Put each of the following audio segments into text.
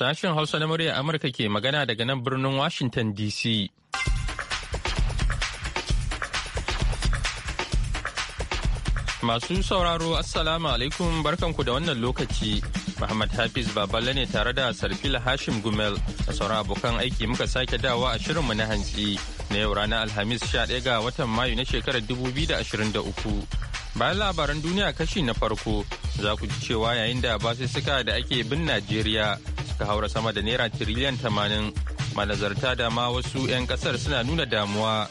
Sashen Hausa na murya Amurka ke magana daga nan birnin Washington DC. Masu sauraro Assalamu alaikum barkanku da wannan lokaci. Muhammad Hafiz Baballe ne tare da Sarfila Hashim Gumel a sauran abokan aiki muka sake dawa a shirinmu na hantsi na yau ranar Alhamis 11 ga watan Mayu na shekarar 2023. Bayan labaran duniya kashi na farko za ku ji cewa yayin da suka da ake bin Najeriya aka haura sama da naira tiriliyan tamanin manazarta da ma wasu 'yan kasar suna nuna damuwa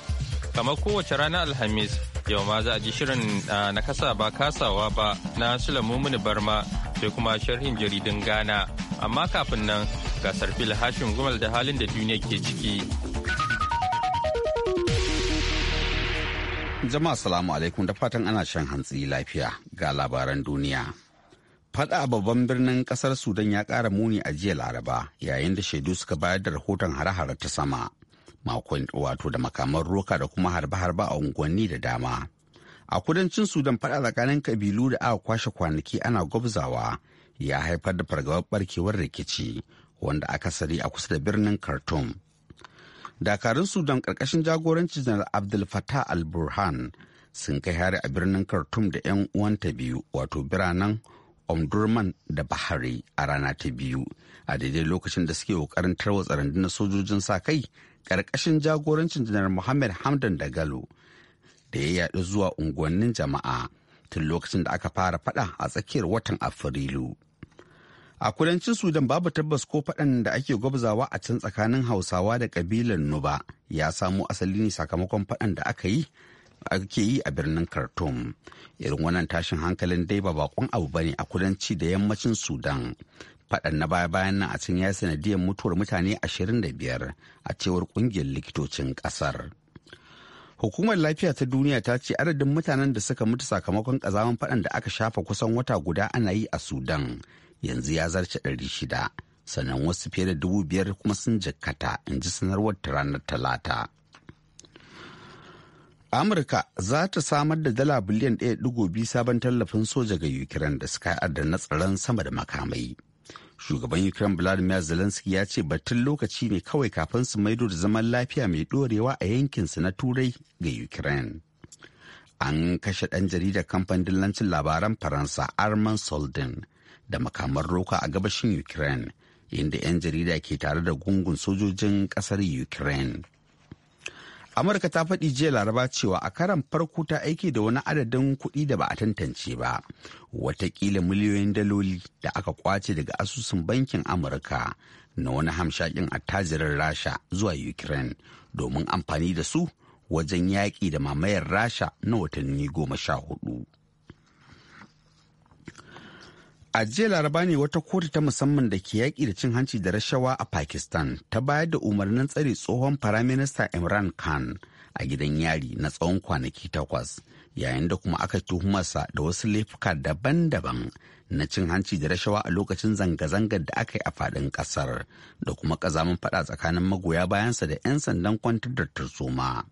kamar kowace rana alhamis yau ma za a ji shirin na kasa ba kasawa ba na sulamumin barma sai kuma sharhin jaridun ghana amma kafin nan gasar fil hashin gumal da halin da duniya ke ciki jama'a salamu alaikum da fatan ana shan hantsi lafiya ga labaran duniya Faɗa a babban birnin ƙasar Sudan ya ƙara muni a jiya Laraba yayin da shaidu suka bayar da rahoton hare-hare ta sama. Makon wato da makaman roka da kuma harba-harba a unguwanni da dama. A kudancin Sudan faɗa tsakanin kabilu da aka kwashe kwanaki ana gwabzawa ya haifar da fargabar barkewar rikici wanda aka sari a kusa da birnin Khartoum. Dakarun Sudan ƙarƙashin jagorancin Janar Abdul Fattah al-Burhan sun kai hari a birnin Khartoum da 'yan uwanta biyu wato biranen Omdurman da Bahari a rana ta biyu a daidai lokacin da suke kokarin tarwatsa rundunar sojojin sa kai ƙarƙashin jagorancin janar Muhammad Hamdan da Galo da ya yaɗu zuwa unguwannin jama'a tun lokacin da aka fara faɗa a tsakiyar watan Afrilu. A kudancin Sudan babu tabbas ko faɗan da ake gwabzawa a can tsakanin Hausawa da ƙabilar Nuba ya samo asali ne sakamakon faɗan da aka yi ake yi a birnin khartoum irin wannan tashin hankalin dai ba bakon abu ba ne a kudanci da yammacin sudan faɗan na baya bayan nan a cin ya sanadiyar mutuwar mutane 25 a cewar kungiyar likitocin ƙasar hukumar lafiya ta duniya ta ce adadin mutanen da suka mutu sakamakon ƙazaman faɗan da aka shafa kusan wata guda ana yi a sudan yanzu ya zarce ɗari shida, sannan wasu fiye da dubu biyar kuma sun jikkata in ji sanarwar ta ranar talata Amurka za ta samar da dala biliyan 1.2 sabon tallafin soja ga Ukraine da suka haɗa na tsaron sama da makamai. Shugaban Ukraine Vladimir Zelensky ya ce batun lokaci ne kawai kafin su maido da zaman lafiya mai dorewa a yankinsu na Turai ga Ukraine. An kashe ɗan jaridar kamfanin dillancin labaran Faransa Arman Soldin da makamar roka a gabashin Ukraine, inda 'yan jarida ke tare da gungun sojojin ƙasar Ukraine. amurka ta faɗi jiya laraba cewa a karan farko ta aiki da wani adadin kuɗi da ba a tantance ba watakila miliyoyin daloli da aka kwace daga asusun bankin amurka na wani hamshakin attajirin rasha zuwa ukraine domin amfani da su wajen yaƙi da mamayar rasha na watanni goma sha hudu. A jiya laraba ne wata kotu ta musamman da ke yaƙi da cin hanci da rashawa a Pakistan ta bayar da umarnin tsare tsohon Firaminista Imran Khan a gidan yari na tsawon kwanaki takwas yayin da kuma aka tuhumarsa da wasu laifuka daban-daban na cin hanci da rashawa a lokacin zanga-zangar da aka yi a faɗin ƙasar da kuma ƙazamin faɗa tsakanin magoya bayansa da 'yan sandan kwantar da tarzoma.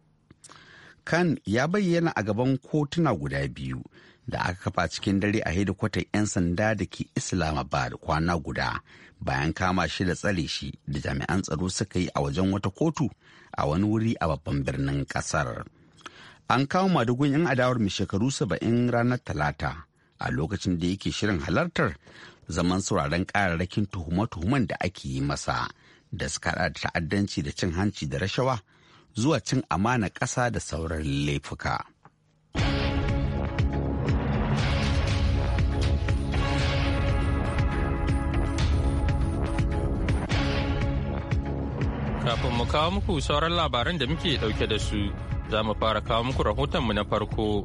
Khan ya bayyana a gaban kotuna guda biyu da aka kafa cikin dare a hedikwatar 'yan sanda da ke islamabad kwana guda bayan kama shi da tsare shi da jami'an tsaro suka yi a wajen wata kotu a wani wuri a babban birnin kasar an kawo madugun 'yan adawar mai shekaru saba'in ranar talata a lokacin da yake shirin halartar zaman sauraren kararrakin tuhuma-tuhuman da ake yi masa da suka da ta'addanci da cin hanci da rashawa zuwa cin amana ƙasa da sauran laifuka. Kafin mu kawo muku sauran labaran da muke dauke da su, za mu fara kawo muku rahotonmu na farko.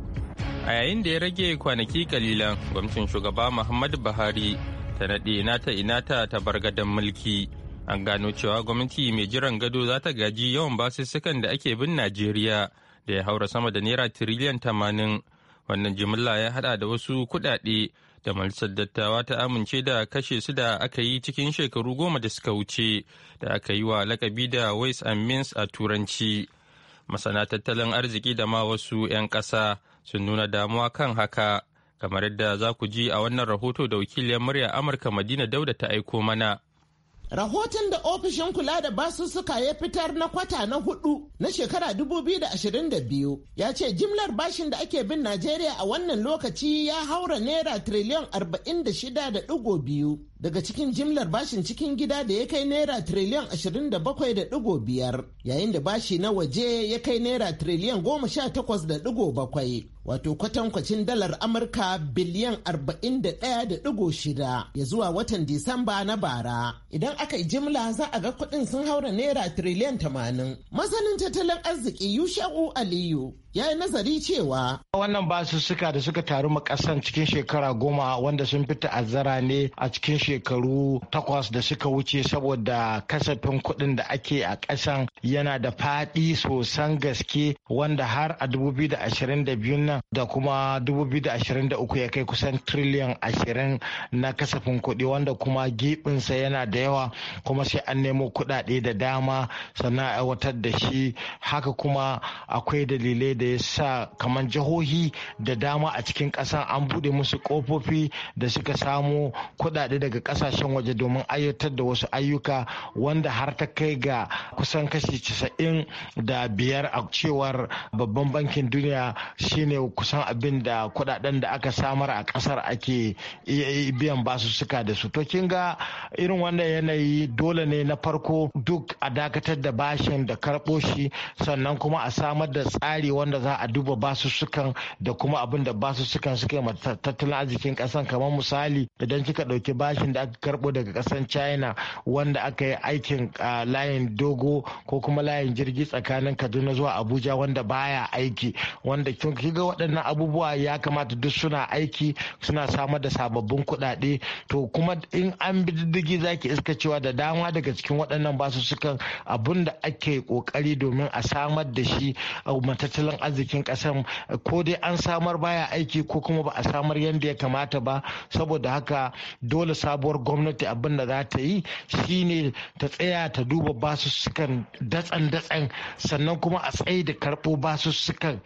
A yayin da ya rage kwanaki kalilan, gwamnatin shugaba Muhammadu Buhari ta naɗe nata inata ta bar gadon mulki. An gano cewa gwamnati mai jiran gado za ta gaji yawan basussukan da ake bin Najeriya da ya haura sama da naira tiriliyan tamanin. Wannan jimilla ya haɗa da wasu kuɗaɗe da Majalisar Dattawa ta amince da kashe su da aka yi cikin shekaru goma da suka wuce da aka yi wa lakabi da Ways and Means a Turanci. Masana tattalin arziki da ma wasu 'yan ƙasa sun nuna damuwa kan haka, kamar yadda za ku ji a wannan rahoto da wakiliyar murya Amurka Madina Dauda ta aiko mana. Rahoton da ofishin kula da basussuka ya fitar na kwata na hudu na shekara 2022 ya ce jimlar bashin da ake bin Najeriya a wannan lokaci ya haura naira triliyan 46.2 daga cikin jimlar bashin cikin gida da ya kai naira tiriliyan 27.5 yayin da bashi na waje ya kai naira tiriliyan 18.7 wato kwatankwacin dalar amurka biliyan 41.6 ya zuwa watan disamba na bara idan aka yi jimla za a ga kuɗin sun haura naira tiriliyan 80 masanin tattalin arziki yusha'u aliyu ya yi nazari cewa wannan ba su suka da suka taru makasan cikin shekara goma wanda sun fi zara ne a cikin shekaru takwas da suka wuce saboda kasafin kuɗin da ake a ƙasan yana da faɗi sosan gaske wanda har a 2022 nan da kuma 2023 ya kai kusan triliyan 20 na kasafin kuɗi wanda kuma gibinsa yana da yawa kuma sai an nemo kuɗaɗe da dama sannan aiwatar da shi haka kuma akwai dalilai da ya sa kamar jihohi da dama a cikin ƙasa an bude musu ƙofofi da suka samo kuɗaɗe daga ƙasashen waje domin ayyatar da wasu ayyuka wanda har ta kai ga kusan kashi casa'in da biyar a cewar babban bankin duniya shine kusan abin da kuɗaɗen da aka samar a ƙasar ake biyan basu suka da su to kin ga irin wannan yanayi dole ne na farko duk a dakatar da bashin da karɓo shi sannan kuma a samar da tsari wanda abinda za a duba basussukan da kuma abin da basussukan suka yi tattalin arzikin kasan kamar misali idan kika dauki bashin da aka karbo daga kasan china wanda aka yi aikin layin dogo ko kuma layin jirgi tsakanin kaduna zuwa abuja wanda baya aiki wanda kiga waɗannan abubuwa ya kamata duk suna aiki suna samar da sababbin kuɗaɗe to kuma in an bi diddigi zaki iska cewa da dama daga cikin waɗannan basussukan abin da ake ƙoƙari domin a samar da shi a matattalin arzikin kasar ko dai an samar baya aiki ko kuma ba a samar yadda ya kamata ba saboda haka dole sabuwar gwamnati abin da za ta yi shine ta tsaya ta duba basussukan datsan-datsan sannan kuma a tsaye da karɓo basussukan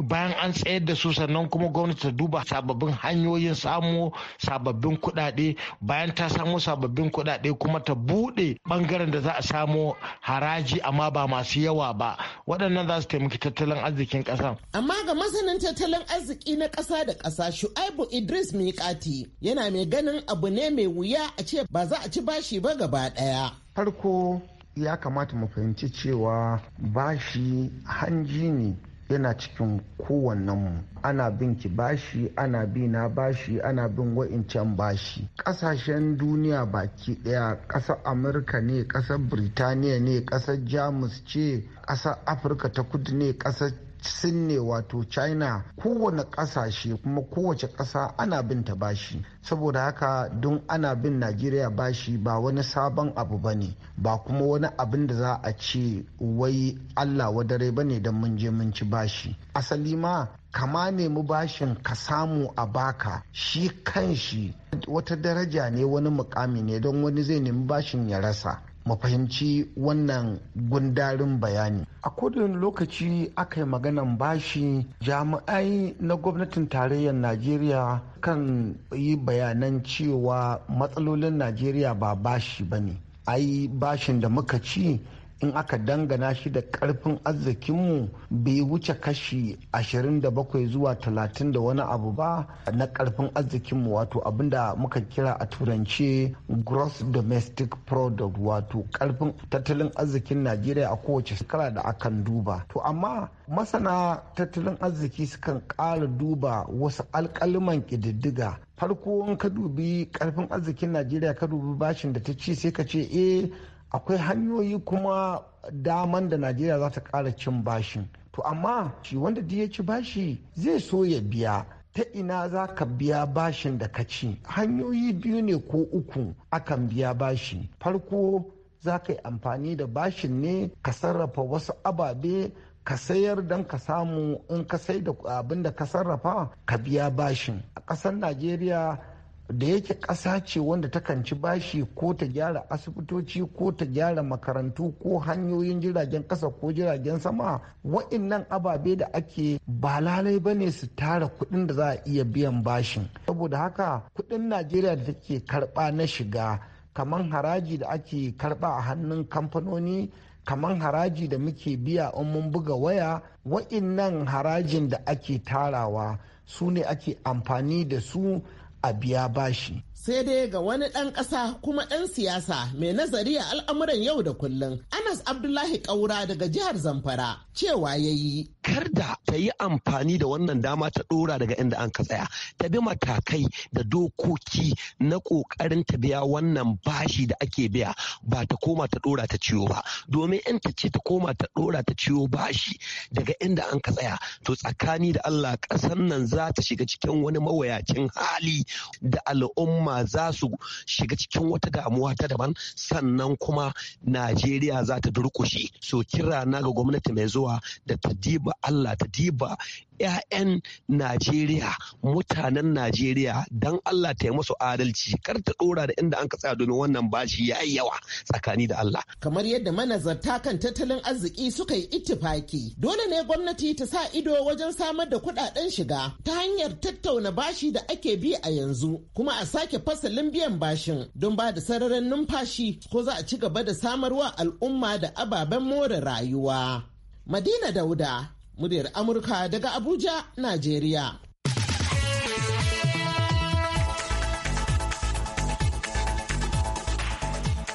bayan an tsayar da su sannan kuma gwamnati ta duba sababbin hanyoyin samo sababbin kuɗaɗe bayan ta samo sababbin kuɗaɗe kuma ta buɗe ɓangaren da za a samo haraji amma ba masu yawa ba waɗannan za su taimaki tattalin arzikin Amma ga masanin tattalin arziki na ƙasa da ƙasa Shu'aibu Idris Miƙati yana mai ganin abu ne mai wuya a ce ba za a ci bashi ba gaba ɗaya. Farko ya kamata mu fahimci cewa bashi hanji ne yana cikin kowannenmu ana bin ki bashi ana bi na bashi ana bin wa'incan bashi ƙasashen duniya baki ɗaya ƙasar amurka ne ƙasar birtaniya ne ƙasar jamus ce ƙasar afirka ta kudu ne ƙasar sin ne wato china kowane kasashe kuma kowace kasa ana bin ta bashi saboda haka don ana bin najeriya bashi ba wani sabon abu ba ne ba kuma wani abin da za a ce wai allah wadare ba ne don mun je ci bashi asali ma kama nemi bashin ka samu a baka shi kanshi wata daraja ne wani mukami ne don wani zai nemi bashin ya rasa mu fahimci wannan gundarin bayani a kodin lokaci aka yi maganan bashi jami'ai na gwamnatin tarayyar najeriya kan yi bayanan cewa matsalolin najeriya ba bashi ba ne ai bashin da muka ci in aka dangana shi da karfin arzikinmu bai wuce kashi 27 zuwa 30 da wani abu ba na karfin arzikinmu wato abinda muka kira a turance gross domestic product wato karfin tattalin arzikin najeriya a kowace shekara da akan duba to amma masana tattalin arziki sukan ƙara duba wasu alkalaman ƙididdiga farko ka dubi karfin arzikin najeriya ka dubi bashin da ta ci sai ka ce eh akwai hanyoyi kuma daman da najeriya za ta ƙara cin bashin to amma shi wanda ya ci bashi zai so ya biya ta ina za ka biya bashin da ka ci hanyoyi biyu ne ko uku akan biya bashi farko za ka yi amfani da bashin ne ka sarrafa wasu ababe ka sayar don ka samu in ka sai da abin da ka sarrafa ka biya bashin a ƙasar najeriya da yake ƙasa ce wanda takan ci bashi ko ta gyara asibitoci ko ta gyara makarantu ko hanyoyin jiragen ƙasa ko jiragen sama wa'innan ababe da ake ba lalai ba ne su tara kuɗin da za a iya biyan bashin saboda haka kuɗin najeriya da take karɓa na shiga kamar haraji da ake karɓa a hannun kamfanoni kamar haraji da muke biya in mun buga waya wa'innan harajin da ake tarawa su ne ake amfani da su a biya bashi sai dai ga wani ɗan ƙasa kuma ɗan siyasa mai nazari a al'amuran yau da kullum anas abdullahi ƙaura daga jihar zamfara cewa ya yi kar da ta yi amfani da wannan dama ta ɗora daga inda an ka tsaya ta bi matakai da dokoki na ƙoƙarin ta biya wannan bashi da ake biya ba ta koma ta ɗora ta ciwo ba domin in ta ce ta koma ta ɗora ta ciwo bashi daga inda an ka tsaya to tsakani da allah ƙasan nan za ta shiga cikin wani mawayacin hali da al'umma al'umma za su shiga cikin wata damuwa ta daban sannan kuma najeriya za ta durkushe so kira na ga gwamnati mai zuwa da ta diba allah ta diba 'ya'yan Najeriya mutanen Najeriya dan Allah ta yi musu adalci kar ta dora da inda an ka tsaya domin wannan bashi ya yi yawa tsakani da Allah. Kamar yadda manazarta kan tattalin arziki suka yi ittifaki dole ne gwamnati ta sa ido wajen samar da kuɗaɗen shiga ta hanyar tattauna bashi da ake bi a yanzu kuma a sake fasalin biyan bashin don ba da sararin numfashi ko za a ci gaba da samarwa al'umma da ababen more rayuwa. Madina Dauda muryar Amurka daga Abuja, Najeriya.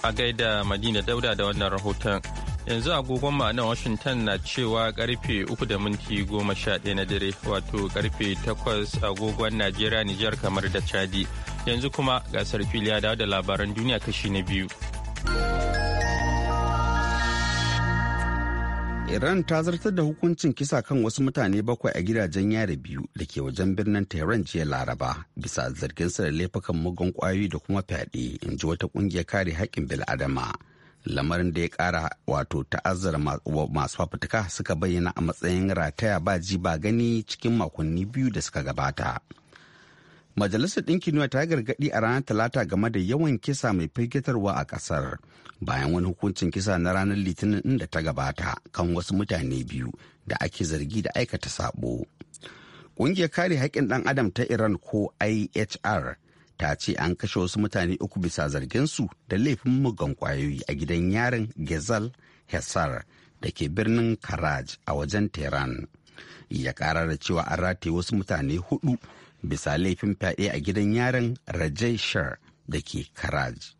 A gaida Madina Dauda da wannan rahoton. Yanzu agogon ma'anar Washington na cewa karfe uku da minti goma sha ɗaya na dare wato karfe takwas agogon Najeriya Nijar kamar da Chadi. Yanzu kuma gasar dawo da labaran duniya kashi na biyu. Iran ta zartar da hukuncin kisa kan wasu mutane bakwai a gidajen yare biyu da ke wajen birnin Tehran jiya Laraba bisa zargin su da laifukan mugun kwayoyi da kuma fyaɗe in ji wata kungiyar kare haƙƙin bil'adama. Lamarin da ya ƙara wato ta'azzara masu fafutuka suka bayyana a matsayin rataya ba ji ba gani cikin makonni biyu da suka gabata. Majalisar Ɗinkin Duniya ta gargaɗi a ranar Talata game da yawan kisa mai firgitarwa a ƙasar bayan wani hukuncin kisa na ranar Litinin inda ta gabata kan wasu mutane biyu da ake zargi da aikata sabo. Ƙungiyar kare haƙƙin ɗan adam ta Iran ko IHR ta ce an kashe wasu mutane uku bisa zarginsu da laifin mugan ƙwayoyi a gidan yarin Gezal Hesar da ke birnin Karaj a wajen Tehran. Ya ƙara da cewa an rataye wasu mutane hudu bisa laifin fyaɗe a gidan yaron Rajai Shar da ke Karaj.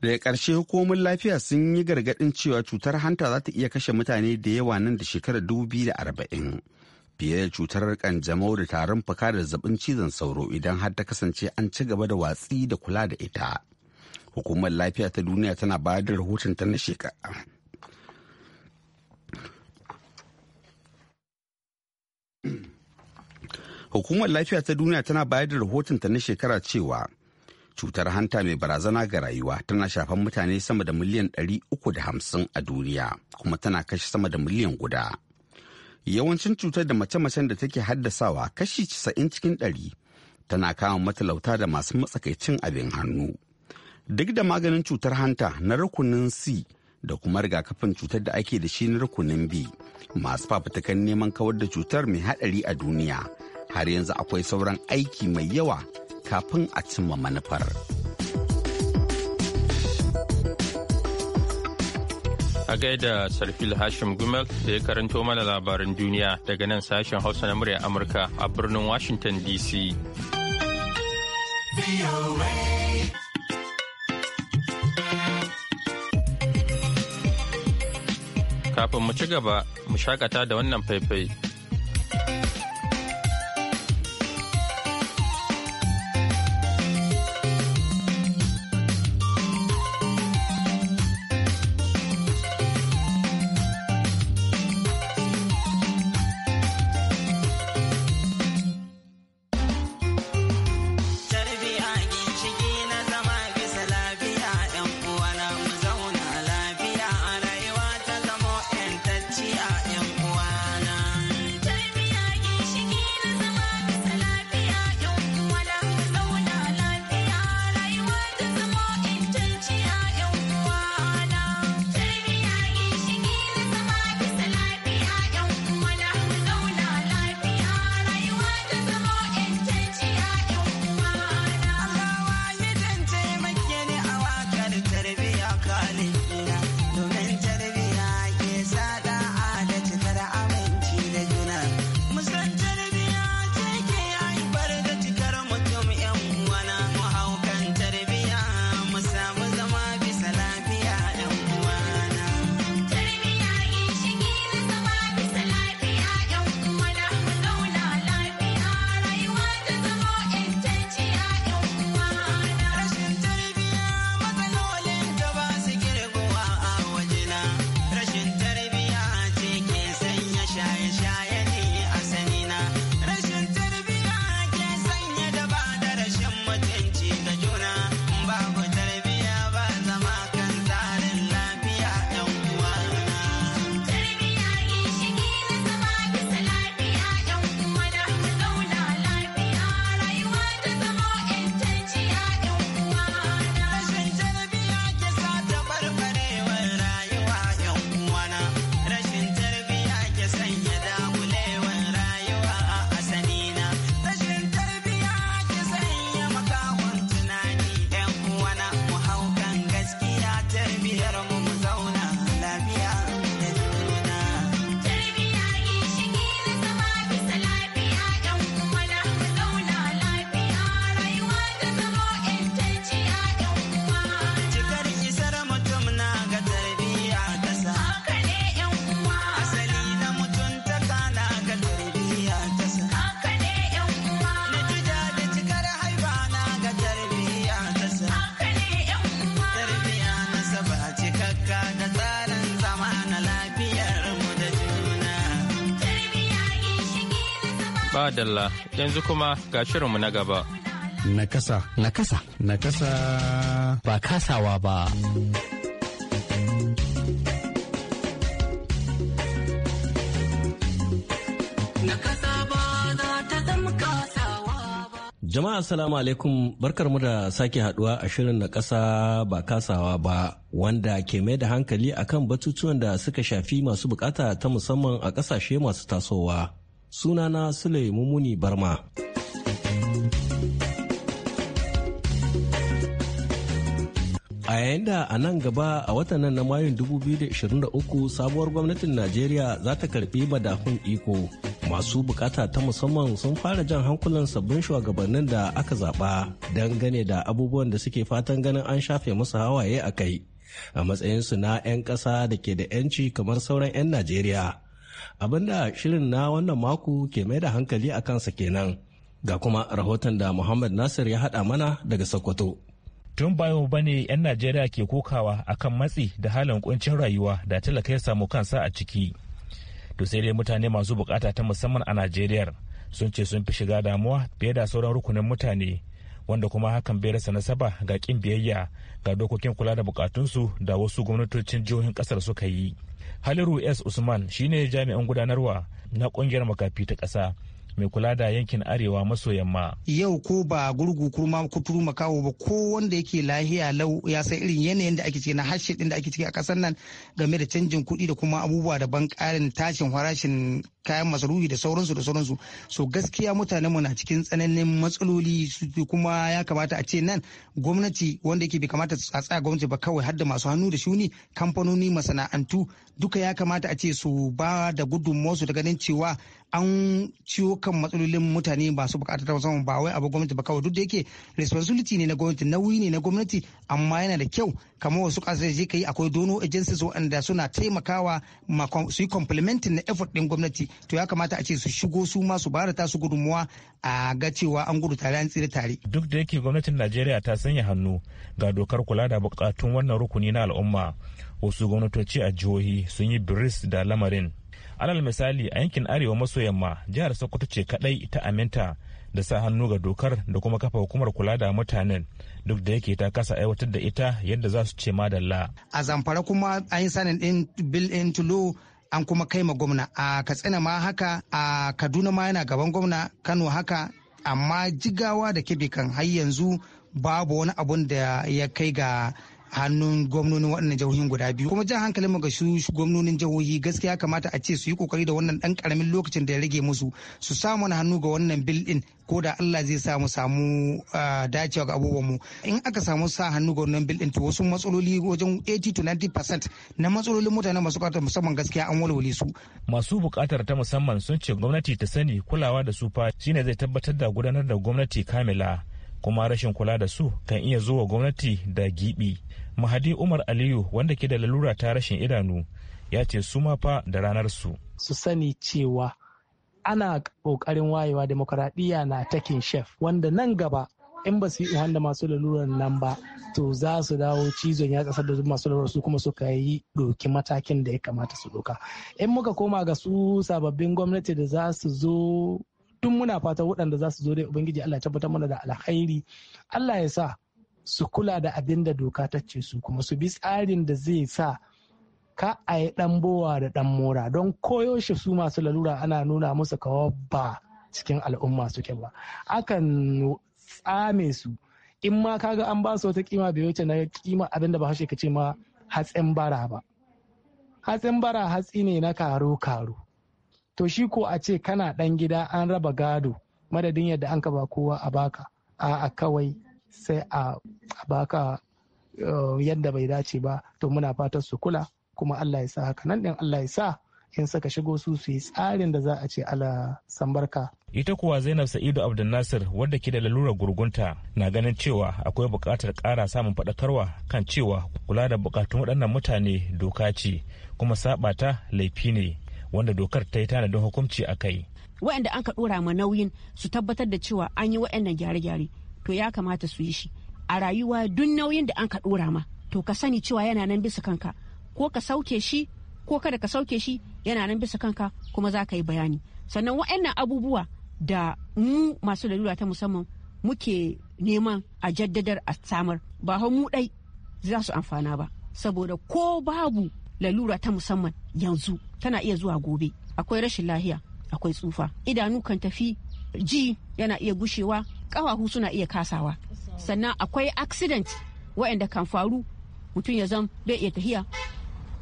Daga ƙarshe hukumomin lafiya sun yi gargaɗin cewa cutar hanta za ta iya kashe mutane da yawa nan da shekarar 2040 fiye da cutar kanjamau da tarin fuka da zaɓin cizon sauro idan har ta kasance an ci gaba da watsi da kula da ita. Hukumar lafiya ta duniya tana bayar da rahoton ta na shekara. hukumar lafiya ta duniya tana bayar da rahotonta na shekara cewa cutar hanta mai barazana ga rayuwa tana shafan mutane sama da miliyan 350 a duniya kuma tana kashe sama da miliyan guda yawancin cutar da mace-macen da take haddasawa kashi 90 cikin 100 tana kama matalauta da masu matsakaicin abin hannu duk da maganin cutar hanta na rukunin c da kuma rigakafin cutar da ake da shi na rukunin b masu fafutukan neman kawar da cutar mai haɗari a duniya har yanzu akwai sauran aiki mai yawa kafin a cimma manufar. A gaida Sarfil Hashim Gumel da ya karanto mana labarin duniya daga nan sashen Hausa na murya Amurka a birnin Washington DC. Kafin mu ci gaba, mu shakata da wannan faifai. Madalla yanzu kuma ga shirinmu na gaba. Nakasa. Nakasa. Nakasa. Ba kasawa ba. Jama'a assalamu alaikum barkarmu da sake haduwa a shirin na ƙasa ba kasawa ba wanda ke mai da hankali akan batutuwan da suka shafi masu bukata ta musamman a ƙasashe masu tasowa. sunana Sule Mumuni Barma. a yayin da a nan gaba a watanan na mayun 2023 sabuwar gwamnatin najeriya za ta karbi madafun iko masu bukata ta musamman sun fara jan hankulan sabbin shugabannin da aka zaba gane da abubuwan da suke fatan ganin an shafe musu hawaye a kai a matsayinsu na 'yan ƙasa da ke da 'yanci kamar sauran 'yan najeriya abinda shirin na wannan mako ke mai da hankali a kansa kenan ga kuma rahoton da muhammad nasir ya hada mana daga sokoto tun bayo ba ne 'yan najeriya ke kokawa a kan matsi da halin kuncin rayuwa da talaka ya samu kansa a ciki to sai dai mutane masu bukata ta musamman a najeriya sun ce sun fi shiga damuwa fiye da sauran rukunin mutane wanda kuma hakan bai rasa nasaba ga kin biyayya ga dokokin kula da bukatunsu da wasu gwamnatocin jihohin kasar suka yi haliru s usman shine jami'in gudanarwa na kungiyar makafi ta ƙasa mai kula da yankin arewa maso yamma. Yau ko ba gurgu kurma kuturu makawo ba ko wanda yake lahiya lau ya san irin yanayin da ake ciki na harshe din da ake ciki a kasar nan game da canjin kuɗi da kuma abubuwa daban ƙarin tashin farashin kayan masarufi da sauransu da sauransu. So gaskiya mutanen mu na cikin tsananin matsaloli kuma ya kamata a ce nan gwamnati wanda yake bai kamata a tsaya gwamnati ba kawai har masu hannu da shuni kamfanoni masana'antu duka ya kamata a ce su ba da gudunmawarsu da ganin cewa an ciwo kan matsalolin mutane masu bukatar ta musamman ba wai abu gwamnati ba kawai duk da yake responsibility ne na gwamnati nauyi ne na gwamnati amma yana da kyau kamar wasu kasashe kai akwai dono agencies wanda suna taimakawa su yi complementing na effort din gwamnati to ya kamata a ce su shigo su ma su bada tasu gudunmuwa a ga cewa an gudu tare an tsira tare duk da yake gwamnatin Najeriya ta sanya hannu ga dokar kula da bukatun wannan rukuni na al'umma wasu gwamnatoci a jihohi sun yi biris da lamarin alal misali a yankin arewa maso yamma jihar sokoto ce kadai ta aminta da sa hannu ga dokar da kuma kafa hukumar kula da mutanen duk da yake ta kasa aiwatar da ita yadda za su ce madalla a zamfara kuma an yi sanin din bill in law an kuma kai ma gwamna a katsina ma haka a kaduna ma yana gaban gwamna kano haka amma jigawa da kibikan har yanzu babu wani abun da ya kai ga hannun gwamnonin waɗannan jihohin guda biyu kuma jan hankalin mu ga su gwamnonin jihohi gaskiya kamata a ce su yi kokari da wannan dan karamin lokacin da ya rage musu su samu hannu ga wannan bil din ko da Allah zai samu samu dacewa ga abubuwan mu in aka samu sa hannu ga wannan bil din to wasu matsaloli wajen 80 to 90% na matsalolin mutane masu bukatar musamman gaskiya an walwale su masu bukatar ta musamman sun ce gwamnati ta sani kulawa da su fa shine zai tabbatar da gudanar da gwamnati kamila kuma rashin kula da su kan iya zuwa gwamnati da giɓi mahadi umar aliyu wanda ke da lalura ta rashin idanu ya ce su ma fa da ranar su su sani cewa ana kokarin wayewa demokaradiyya na takin shef wanda nan gaba in ba su yi wanda masu lalurar nan ba to za su dawo cizon ya kasar da masu laluran su kuma suka yi doki matakin da ya kamata su doka in muka koma ga su sababbin gwamnati da za su zo duk muna fata waɗanda za su zo dai ubangiji Allah tabbatar mana da alkhairi Allah ya sa su kula da abin da doka ta ce su kuma su bi tsarin da zai sa ka a yi ɗan bowa da ɗan mora don koyo su masu lalura ana nuna musu kawo ba cikin al'umma suke ba akan tsame su in ma kaga an ba su wata kima bai wuce na kima abin da ba hashe ka ce ma hatsin bara ba hatsin bara hatsi ne na karo karo to shi ko a ce kana ɗan gida an raba gado madadin yadda an ka ba kowa a baka a kawai sai a baka uh, yadda bai dace ba to muna fatan su kula kuma Allah ya sa haka nan din Allah ya sa in saka shigo su su yi tsarin da za a ce ala sambarka. Ita kuwa Zainab Sa'idu Abdulnasir wadda ke da lalurar gurgunta na ganin cewa akwai buƙatar ƙara samun faɗakarwa kan cewa kula da buƙatun waɗannan mutane doka ce kuma saɓata laifi ne. wanda dokar ta yi tanadin hukunci a kai waɗanda an ka ɗora ma nauyin su tabbatar da cewa an yi waɗannan gyare-gyare to ya kamata su yi shi a rayuwa duk nauyin da an ka ɗora ma to ka sani cewa yana nan bisa kanka ko ka sauke shi ko kada ka sauke shi yana nan bisa kanka kuma za ka yi bayani sannan waɗannan abubuwa da mu masu lalura ta musamman muke neman a jaddadar a samar ba hau mu ɗai za su amfana ba saboda ko babu lalura ta musamman yanzu tana iya zuwa gobe akwai rashin lahiya akwai tsufa idanu kan tafi ji yana iya gushewa ƙafafu suna iya kasawa sannan akwai accident waɗanda kan faru mutum ya zam bai iya tahiya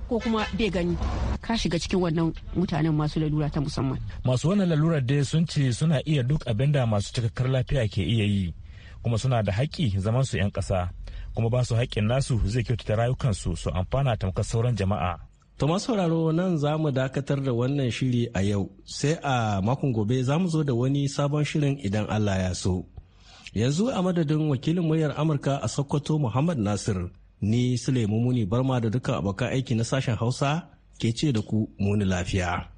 ko kuma bai gani ka shiga cikin wannan mutanen masu lalura ta musamman masu wannan lalurar dai sun ce suna iya duk abin da masu cikakkar lafiya ke iya yi kuma suna da haƙƙi zaman su 'yan ƙasa kuma ba su haƙƙin nasu zai kyautata rayukansu su amfana tamkar sauran jama'a To sauraro nan za mu dakatar da wannan shiri a yau sai a makon gobe za mu zo da wani sabon shirin idan Allah ya so. Yanzu a madadin wakilin muryar Amurka a Sokoto Muhammad Nasir ni Sulaimu Muni Barma da duka abokan aiki na sashen Hausa ke ce da ku muni lafiya.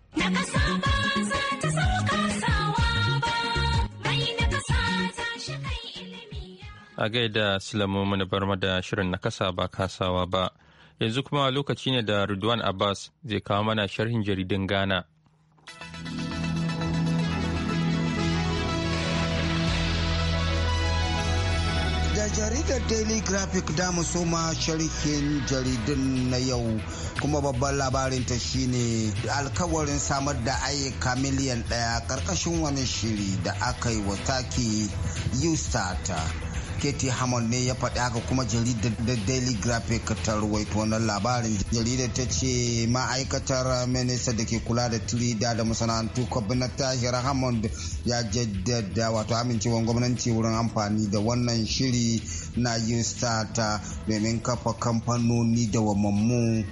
a gaida silamu Muni barma da shirin na kasa ba kasawa ba yanzu kuma lokaci ne da Ridwan Abbas zai kawo mana sharhin jaridun Ghana. Da jaridar Daily Graphic da soma sharhin jaridun na yau kuma babban labarin ta shine alkawarin samar da ayyuka miliyan daya karkashin wani shiri da aka yi wa taki Ustata. katie hammond ne ya faɗi haka kuma jaridar da daily graphic ta ruwaito wannan labarin jaridar ta ce ma'aikatar minista da ke kula da tirida da masana'antu kwabinar tahir hammond ya jaddada wato amincewan gwamnati wurin amfani da wannan shiri na yin ta domin kafa kamfanoni da wamammu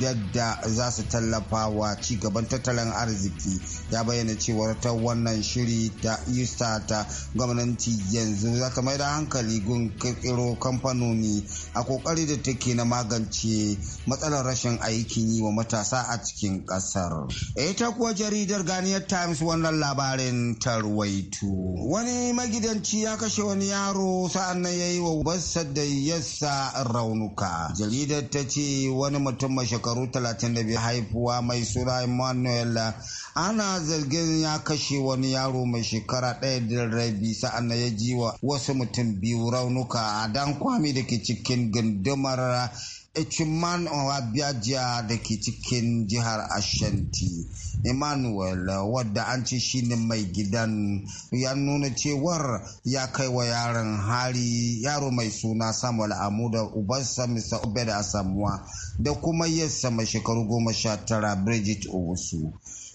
yadda za su tallafa wa gaban tattalin arziki ya bayyana cewa ta wannan shiri da ista ta gwamnati yanzu za ta mai da hankali gun kirkiro kamfanoni a kokari da take na magance matsalar rashin aikin yi wa matasa a cikin kasar ita kuwa jaridar ganiyar times wannan labarin tarwaitu. wani magidanci ya kashe wani yaro sa'an nan ya yi wa ubarsa da yasa raunuka jaridar ta ce wani mutum shekaru 35 haifuwa mai suna Emmanuel ana zargin ya kashe wani yaro mai shekara ɗaya da rabi sa'an ya ji wa wasu mutum biyu raunuka a dan kwami da ke cikin gundumar Echiman Owabiaja da ke cikin jihar Ashanti. Emmanuel wadda an ce shine mai gidan ya nuna cewar ya kai wa yaron hari yaro mai suna Samuel Amuda ubansa Mr. Obed Asamuwa da kuma yasa mai shekaru goma sha tara Bridget Owusu.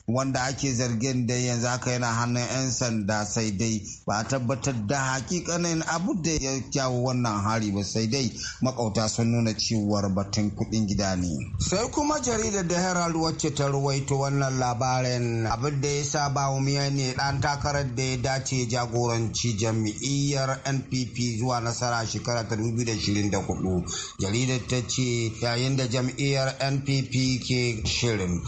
wanda ake zargin da yanzu aka yana hannun 'yan sanda sai dai ba a tabbatar da hakikanin abu da ya kyawo wannan hari ba sai dai makauta sun nuna cewar batun kudin gida ne sai kuma jaridar da herald wacce ta ruwaito wannan labarin abin da ya sa ba ne dan takarar da ya dace jagoranci jami'iyar npp zuwa nasara shekara ta 2024 jaridar ta ce yayin da jam'iyyar npp ke shirin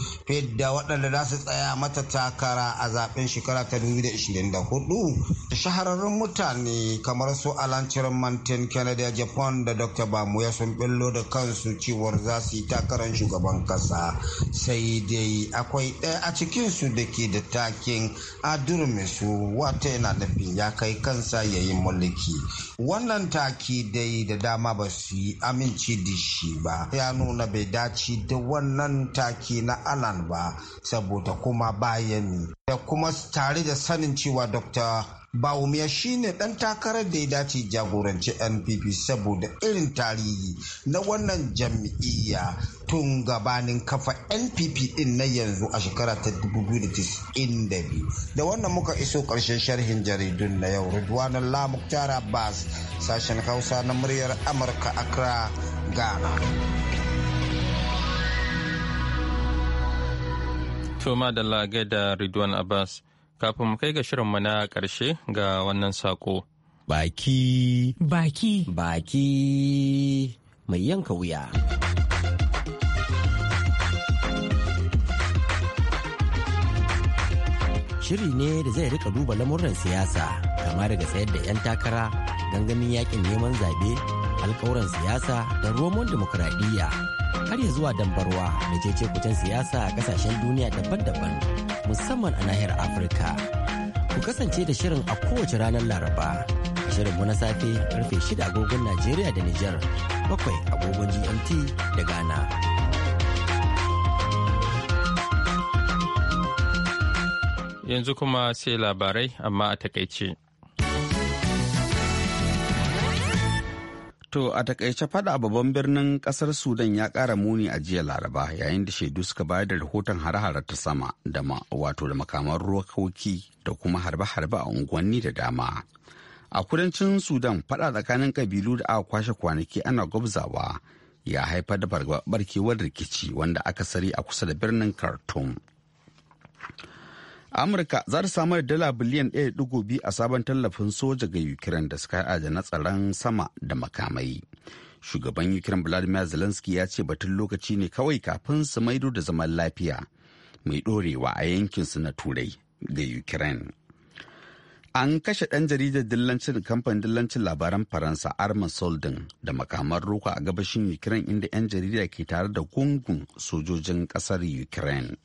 da waɗanda za su tsaya mata takara a zaben shekara ta 2024 shahararrun mutane kamar su alan mantin kennedy japan da dr bamuya sun billo da kansu cewar za su yi takarar shugaban kasa sai dai akwai ɗaya a cikinsu da ke da takin adurme su wata yana nufin ya kai kansa ya yi mulki wannan taki dai da dama ba su yi aminci da shi ba ya nuna bai dace da wannan taki na alan ba saboda kuma bayani da kuma tare da sanin cewa dr baumia shine dan takarar da ya dace jagoranci npp saboda irin tarihi na wannan jam'iyya tun gabanin kafa npp din na yanzu a shekara ta 2002 da wannan muka iso karshen sharhin jaridun na yau ridwanan lamuktara bas sashen hausa na muryar amurka accra ghana To madalla da Ridwan Abbas kafin mu kai ga shirinmu na ƙarshe ga wannan saƙo. Baki. Baki. Baki mai yanka wuya. Shiri ne da zai rika duba lamuran siyasa kama daga sayar da 'yan takara gangamin yakin neman zaɓe alkawuran siyasa da romon demokuraɗiyya. har ya zuwa dambarwa da cece kucin siyasa a kasashen duniya daban-daban musamman a nahiyar afirka ku kasance da shirin a kowace ranar laraba shirin mu na safe karfe shida agogon najeriya da nijar bakwai agogon gmt da ghana yanzu kuma sai labarai amma a takaice. To a takaice fada babban birnin kasar Sudan ya kara muni a jiya Laraba yayin da shaidu suka bayar da rahoton hare-hare ta sama da ma wato da makaman ruwakoki da kuma harbe-harbe a unguwanni da dama. A kudancin Sudan fada tsakanin kabilu da aka kwashe kwanaki ana gwabzawa ya haifar da barkewar rikici wanda aka sari a kusa da birnin Khartoum. amurka za ta samar da dala biliyan 1.2 a sabon tallafin soja ga ukraine da suka haɗa na tsaron sama da makamai shugaban ukraine vladimir zelensky ya ce batun lokaci ne kawai kafin su maido da zaman lafiya mai ɗorewa a yankinsu na turai ga ukraine an kashe ɗan jaridar dillancin kamfanin dillancin labaran faransa armin soldin da makaman roka a gabashin ukraine inda 'yan jarida ke tare da gungun sojojin ƙasar ukraine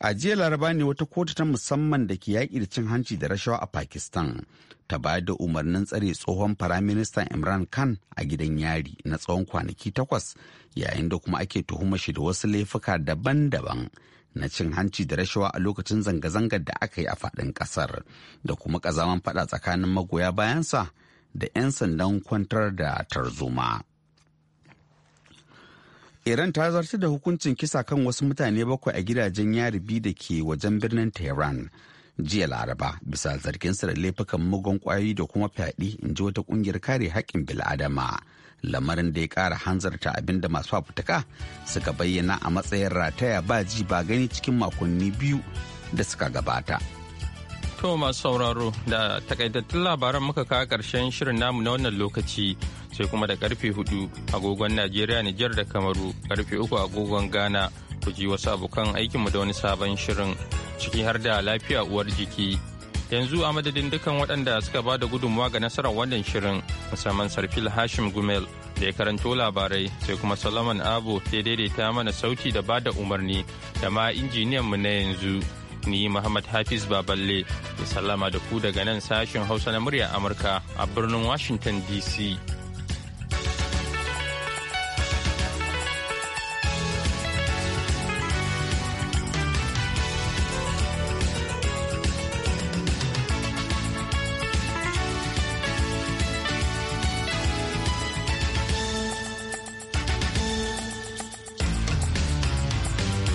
A jiya laraba ne wata kotu ta musamman da ke yaƙi da cin hanci da rashawa a Pakistan ta bayar da umarnin tsare tsohon Firaministan Imran Khan a gidan yari na tsawon kwanaki takwas yayin da kuma ake tuhuma shi da wasu laifuka daban-daban na cin hanci da rashawa a lokacin zanga-zangar da aka yi a faɗin ƙasar da kuma ƙazaman faɗa tsakanin magoya bayansa da 'yan sandan kwantar da tarzoma. Iran ta zartar da hukuncin kisa kan wasu mutane bakwai a gidajen yari biyu da ke wajen birnin Tehran. Jiya Laraba bisa zarginsa da laifukan mugun kwayoyi da kuma fyaɗe in ji wata ƙungiyar kare haƙƙin bil'adama. Lamarin da ya ƙara hanzarta abin da masu fafutuka suka bayyana a matsayin rataya ba ji ba gani cikin makonni biyu da suka gabata. To masu sauraro da takaitattun labaran muka kawo ƙarshen shirin namu na wannan lokaci. sai kuma da karfe 4 agogon Najeriya Nijar da Kamaru karfe 3 agogon Ghana ku ji wasu abokan mu da wani sabon shirin ciki har da lafiya uwar jiki. Yanzu a madadin dukan waɗanda suka ba da gudunmawa ga nasarar wannan shirin musamman Sarfil Hashim Gumel da ya karanto labarai sai kuma Solomon Abo da daidaita mana sauti da bada umarni da ma injiniyan mu na yanzu. Ni Muhammad Hafiz Baballe ya sallama da ku daga nan sashen Hausa na murya Amurka a birnin Washington DC.